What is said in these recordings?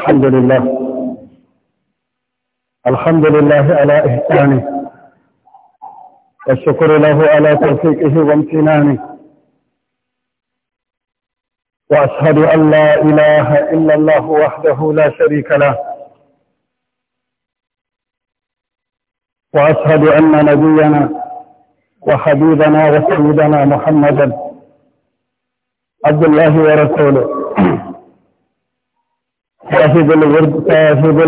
الحمد لله الحمد لله على إحسانه والشكر له على توفيقه وامتنانه وأشهد أن لا إله إلا الله وحده لا شريك له وأشهد أن نبينا وحبيبنا وسيدنا محمدا عبد الله ورسوله حافظ الورد حافظ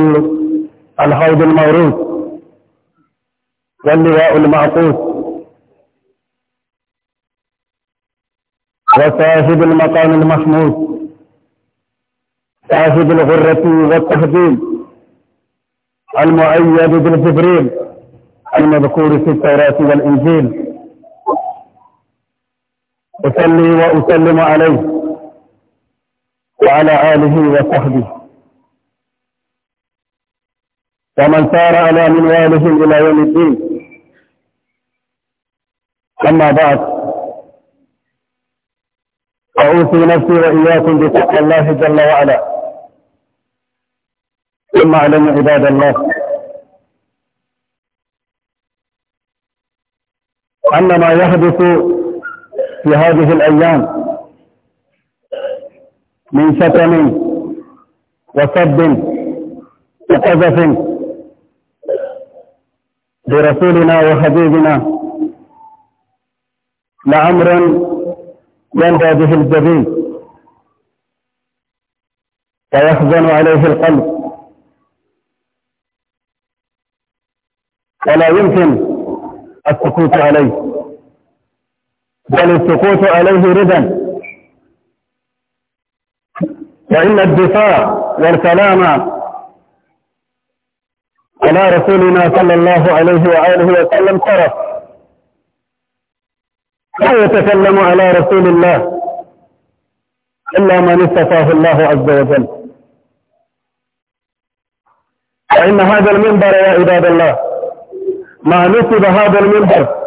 الحوض الموروث واللواء المعطوس وصاحب المقام المحمود صاحب الغرة والتفضيل المؤيد بالجبريل المذكور في التوراة والإنجيل أصلي وأسلم عليه وعلى آله وصحبه ومن سار على منوالهم إلى يوم الدين أما بعد أوصي نفسي وإياكم بتقوى الله جل وعلا ثم أعلم عباد الله أن ما يحدث في هذه الأيام من شتم وسب وقذف لرسولنا وحبيبنا لأمر ينبى به الجبين ويحزن عليه القلب ولا يمكن السكوت عليه بل السكوت عليه ردا وإن الدفاع والكلام على رسولنا صلى الله عليه وآله وسلم طرف لا يتكلم على رسول الله إلا من استفاه الله عز وجل فإن هذا المنبر يا عباد الله ما نسب هذا المنبر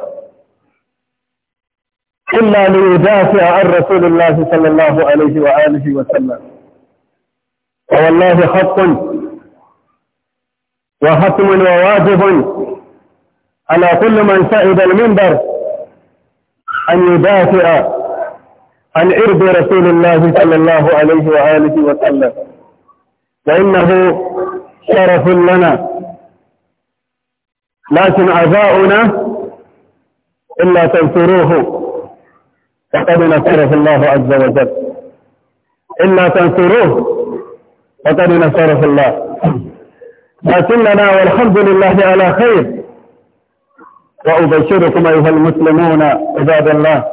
إلا ليدافع عن رسول الله صلى الله عليه وآله وسلم فوالله حق وحتم وواجب على كل من سعد المنبر أن يدافع عن إرض رسول الله صلى الله عليه وآله وسلم فإنه شرف لنا لكن عزاؤنا إلا تنصروه فقد نصره الله عز وجل إلا تنصروه فقد نصره الله لكننا والحمد لله على خير وأبشركم أيها المسلمون عباد الله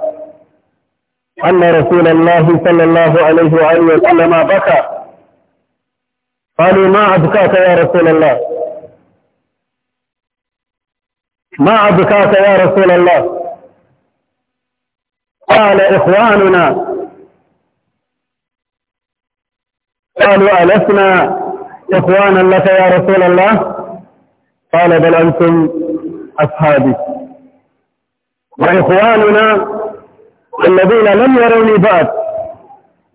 أن رسول الله صلى الله عليه وآله وسلم بكى قالوا ما أبكاك يا رسول الله ما أبكاك يا رسول الله قال إخواننا قالوا ألسنا إخوانا لك يا رسول الله قال بل أنتم أصحابي وإخواننا الذين لم يروني بعد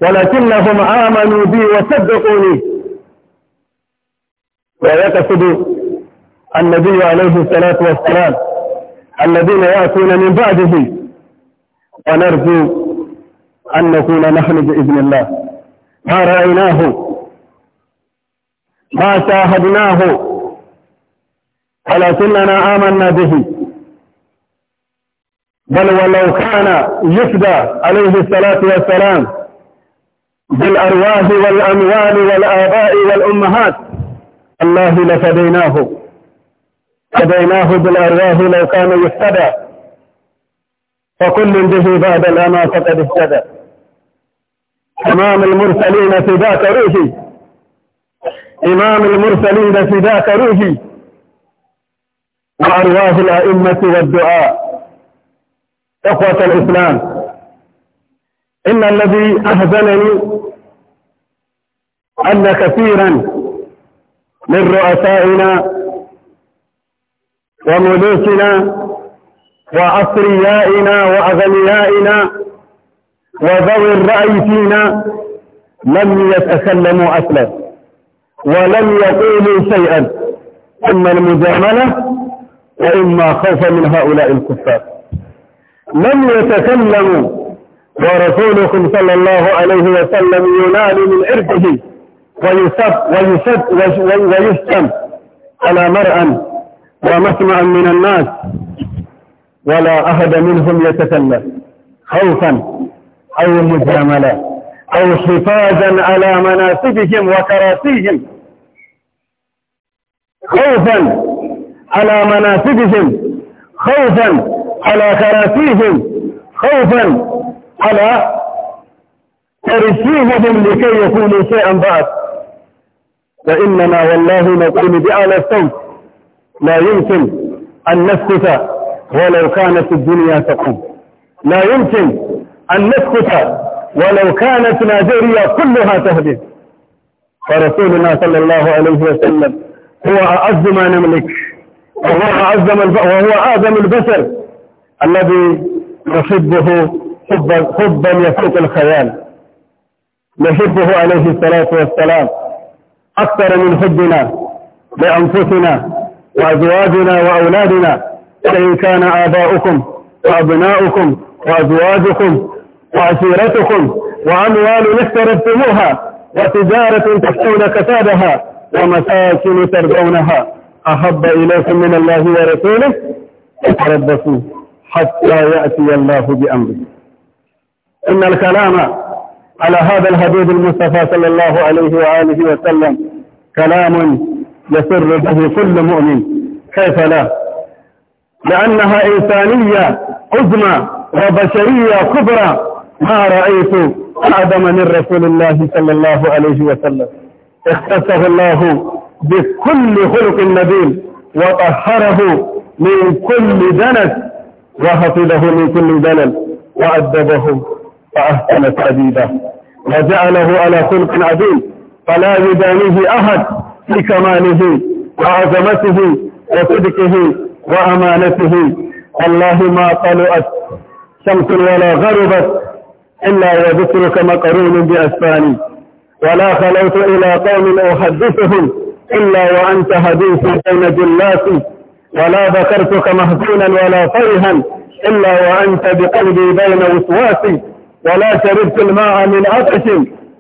ولكنهم آمنوا بي وصدقوني ويقصد النبي عليه الصلاة والسلام الذين يأتون من بعده ونرجو أن نكون نحن بإذن الله ما رأيناه ما شاهدناه ولكننا آمنا به بل ولو كان يفدى عليه الصلاة والسلام بالأرواح والأموال والآباء والأمهات الله لفديناه فديناه بالأرواح لو كان يفتدى فكل به بعد الأما فقد اهتدى تمام المرسلين في ذاك روحي إمام المرسلين في ذاك روحي وأرواح الأئمة والدعاء إخوة الإسلام إن الذي أهزنني أن كثيرا من رؤسائنا وملوكنا وأثريائنا وأغنيائنا وذوي الرأي فينا لم يتكلموا أسلم ولم يقولوا شيئا إما المجاملة وإما خوفا من هؤلاء الكفار لم يتكلموا ورسولكم صلى الله عليه وسلم ينال من عرفه ويسب ويسب ويشتم على مرأى ومسمع من الناس ولا أحد منهم يتكلم خوفا أو مجاملة أو حفاظا على مناسبهم وكراسيهم خوفا على مناسبهم خوفا على كراسيهم خوفا على ترسيمهم لكي يكونوا شيئا بعد فإننا والله نقول بأعلى الصوت لا يمكن أن نسكت ولو كانت الدنيا تقوم لا يمكن أن نسكت ولو كانت نيجيريا كلها تهدف فرسولنا صلى الله عليه وسلم هو أعز ما نملك وهو أعز وهو ادم البشر الذي نحبه حبا حبا يفوق الخيال نحبه عليه الصلاة والسلام أكثر من حبنا لأنفسنا وأزواجنا وأولادنا فإن كان آباؤكم وأبناؤكم وأزواجكم وعشيرتكم وأموال افترضتموها وتجارة تفتون كسادها ومساكن ترجونها أحب إليكم من الله ورسوله فتربصوا حتى يأتي الله بأمره إن الكلام على هذا الهبيب المصطفى صلى الله عليه وآله وسلم كلام يسر به كل مؤمن كيف لا لأنها إنسانية عظمى وبشرية كبرى ما رأيت آدم من رسول الله صلى الله عليه وسلم اختصه الله بكل خلق نبيل وطهره من كل دنس وحفظه من كل دلل وأدبه فأحسن تعذيبه وجعله على خلق عظيم فلا يدانيه أحد في كماله وعظمته وصدقه وأمانته والله ما طلعت شمس ولا غربت إلا وذكرك مقرون بأسفاني ولا خلوت إلى قوم أحدثهم إلا وأنت حديث بين جلاتي ولا ذكرتك مهزونا ولا طيها إلا وأنت بقلبي بين وسواسي ولا شربت الماء من عطش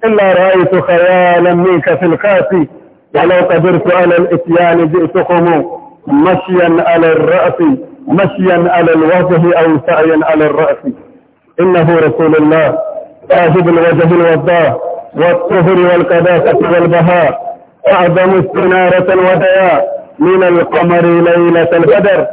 إلا رأيت خيالا منك في الخاسي ولو قدرت على الإتيان جئتكم مشيا على الرأس مشيا على الوجه أو سعيا على الرأس إنه رسول الله صاحب الوجه الوضاء والطهر والقداسة والبهاء أعظم استنارة وضياء من القمر ليلة القدر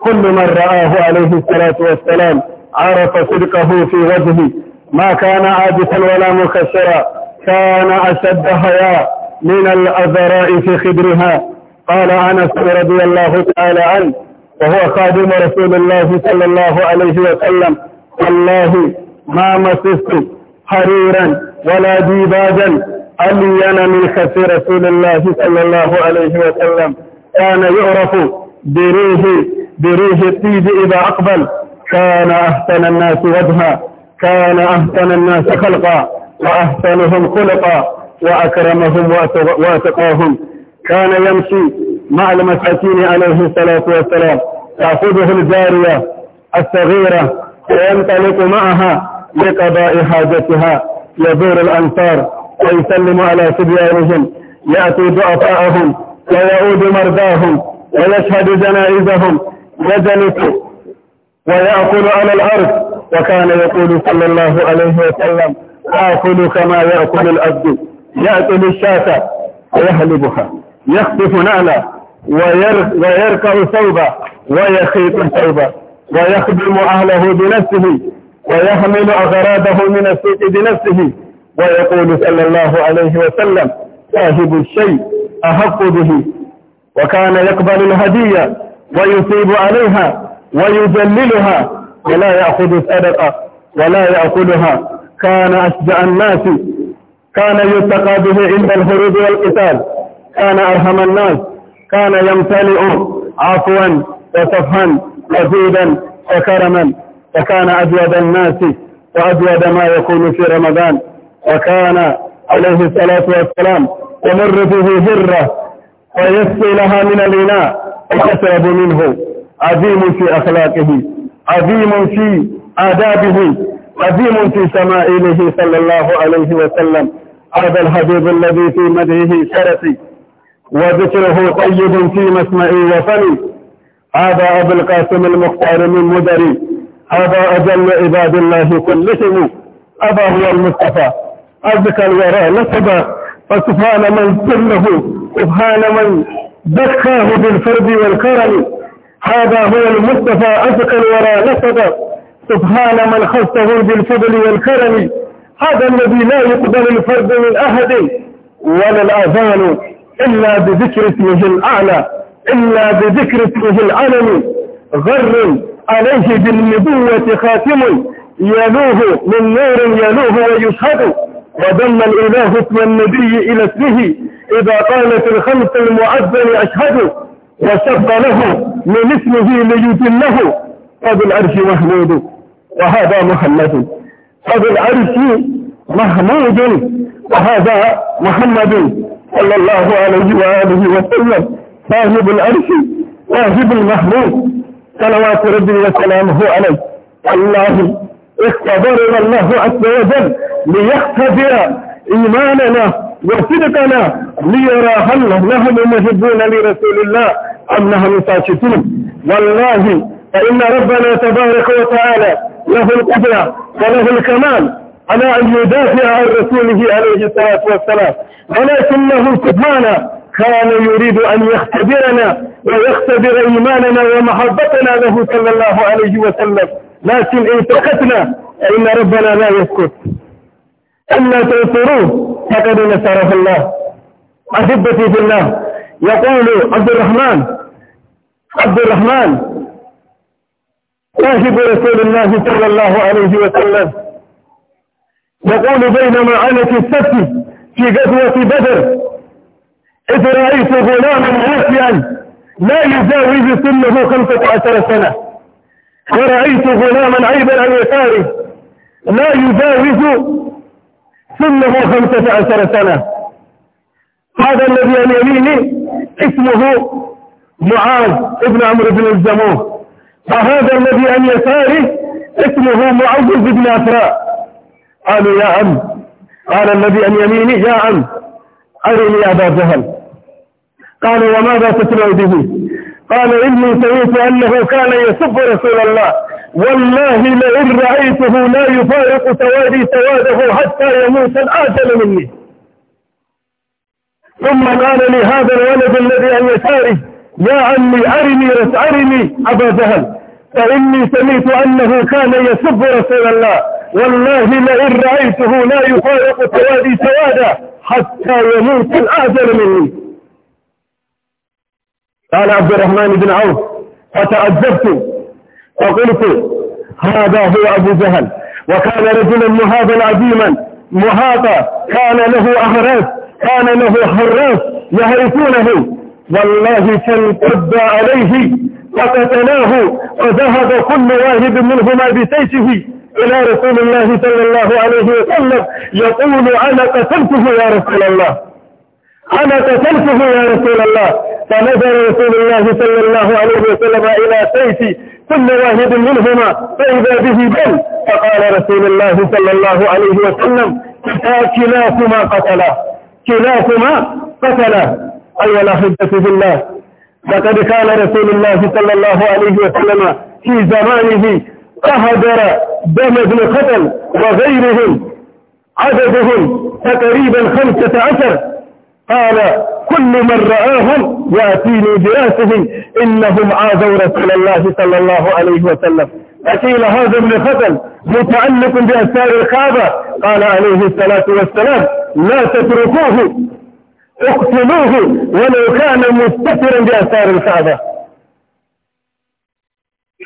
كل من رآه عليه الصلاة والسلام عرف صدقه في وجهه ما كان عاجسا ولا مكسرا كان أشد حياء من الأذراء في خدرها قال أنس رضي الله تعالى عنه وهو خادم رسول الله صلى الله عليه وسلم والله ما مسست حريرا ولا ديباجا ألين من خف رسول الله صلى الله عليه وسلم كان يعرف بريه بريه الطيب إذا أقبل كان أحسن الناس وجها كان أحسن الناس خلقا وأحسنهم خلقا وأكرمهم وأتقاهم كان يمشي مع المساكين عليه الصلاة والسلام تأخذه الجارية الصغيرة وينطلق معها لقضاء حاجتها يزور الأنصار ويسلم على سبيانهم يأتي ضعفاءهم ويعود مرضاهم ويشهد جنائزهم يجلس ويأكل على الأرض وكان يقول صلى الله عليه وسلم آكل كما يأكل الأبد يأكل الشاة ويهلبها يخطف نعلا ويركع ثوبا ويخيط ثوبا ويخدم أهله بنفسه ويحمل أغراضه من السوق بنفسه ويقول صلى الله عليه وسلم صاحب الشيء أحق به وكان يقبل الهدية ويصيب عليها ويجللها ولا يأخذ الصدقة ولا يأخذها كان أشجع الناس كان يتقى به عند الهروب والقتال كان أرحم الناس كان يمتلئ عفوا وصفحا لذيذا وكرما وكان أجود الناس وأجود ما يكون في رمضان وكان عليه الصلاة والسلام يمر به هرة ويسقي لها من الإناء وتشرب منه عظيم في أخلاقه عظيم في آدابه عظيم في شمائله صلى الله عليه وسلم هذا الحبيب الذي في مدحه شرفي وذكره طيب في مسمعي وفمي هذا أبو القاسم المختار من مدري هذا أجل عباد الله كلهم أبا هو المصطفى أذكى الوراء نسبا فسبحان من سره سبحان من دكاه بالفرد والكرم هذا هو المصطفى أذكى الوراء نسبا سبحان من خصه بالفضل والكرم هذا الذي لا يقبل الفرد من أحد ولا الأذان إلا بذكر اسمه الأعلى إلا بذكر اسمه العلم غر عليه بالنبوة خاتم يلوه من نور يلوه ويشهد وضم الإله اسم النبي إلى اسمه إذا قال في الخمس المعذن أشهد وشب له من اسمه ليتمه قد العرش محمود وهذا محمد قد العرش محمود وهذا محمد صلى الله عليه وآله وسلم صاحب العرش صاحب المحبوب صلوات ربي وسلامه عليه الله اختبرنا الله عز وجل ليختبر إيماننا وصدقنا ليرى هل لهم مهبون لرسول الله أم ساكتون والله فإن ربنا تبارك وتعالى له القدرة وله الكمال على أن يدافع عن رسوله عليه الصلاة والسلام ولكنه سبحانه كان يريد أن يختبرنا ويختبر إيماننا ومحبتنا له صلى الله عليه وسلم لكن إن سكتنا فإن ربنا لا يسكت ألا تنصروه فقد نصره الله أحبتي في الله يقول عبد الرحمن عبد الرحمن صاحب رسول الله صلى الله عليه وسلم يقول بينما أنا في السبت في غزوة بدر إذ رأيت غلاما عافيا لا يجاوز سنه خمسة عشر سنة ورأيت غلاما عيبا عن يساره لا يجاوز سنه خمسة عشر سنة هذا الذي عن يعني يميني اسمه معاذ ابن عمرو بن الزموه وهذا الذي عن يساره اسمه معوذ بن أفراء قالوا يا عم قال الذي عن يميني يا عم أرني أبا جهل قالوا وماذا تتبع به قال إني سمعت أنه كان يسب رسول الله والله لئن رأيته لا يفارق سوادي سواده حتى يموت الآجل مني ثم قال لي هذا الولد الذي عن يساري يا عمي أرني أرني أبا جهل فإني سمعت أنه كان يسب رسول الله والله لئن رأيته لا يفارق سوادي سوادا حتى يموت الأعزل مني قال عبد الرحمن بن عوف فتعذبت فقلت هذا هو أبو جهل وكان رجلا مهابا عظيما مهابا كان له أهراس كان له حراس يعرفونه والله فانقض عليه فقتلاه فذهب كل واحد منهما بسيفه إلى رسول الله صلى الله عليه وسلم يقول أنا قتلته يا رسول الله أنا قتلته يا رسول الله فنظر رسول الله صلى الله عليه وسلم إلى سيف كل واحد منهما فإذا به بل فقال رسول الله صلى الله عليه وسلم كلاكما قتلا كلاكما قتلا أي أيوة، لا حجة بالله لقد كان رسول الله صلى الله عليه وسلم في زمانه قهدر دم بن خطل وغيرهم عددهم تقريبا خمسة عشر قال كل من رآهم يأتيني براسهم إنهم عادوا رسول الله صلى الله عليه وسلم أكيل هذا ابن خطل متعلق بأسار الخابة قال عليه الصلاة والسلام لا تتركوه اقتلوه ولو كان مستفرا بأسار الخابة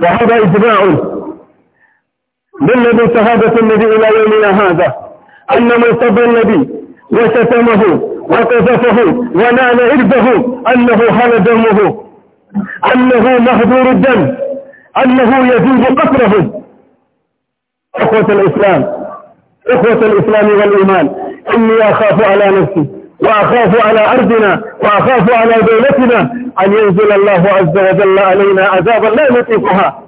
وهذا إجماع بالذي شهادة النبي إلى يومنا هذا أن من صب النبي وشتمه وقذفه ونال إربه أنه هل دمه أنه مهدور الدم أنه يجوز قتله إخوة الإسلام إخوة الإسلام والإيمان إني أخاف على نفسي وأخاف على أرضنا وأخاف على دولتنا أن ينزل الله عز وجل علينا عذابا لا نطيقها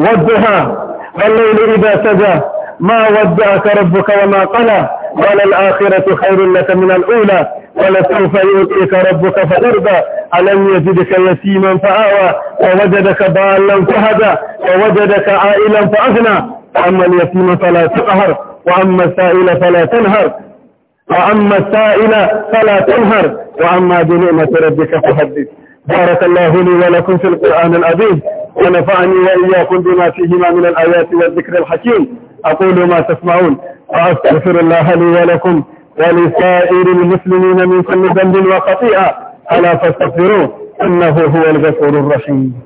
والضحى والليل إذا سجى ما ودعك ربك وما قلى وللآخرة خير لك من الأولى ولسوف يؤتيك ربك فترضى ألم يجدك يتيما فآوى ووجدك ضالا فهدى ووجدك عائلا فأغنى وأما اليتيم فلا تقهر وأما السائل فلا تنهر وأما السائل فلا تنهر وأما بنعمة ربك فحدث بارك الله لي ولكم في القرآن العظيم ونفعني وإياكم بما فيهما من الآيات والذكر الحكيم أقول ما تسمعون وأستغفر الله لي ولكم ولسائر المسلمين من كل ذنب وخطيئة ألا فاستغفروه إنه هو الغفور الرحيم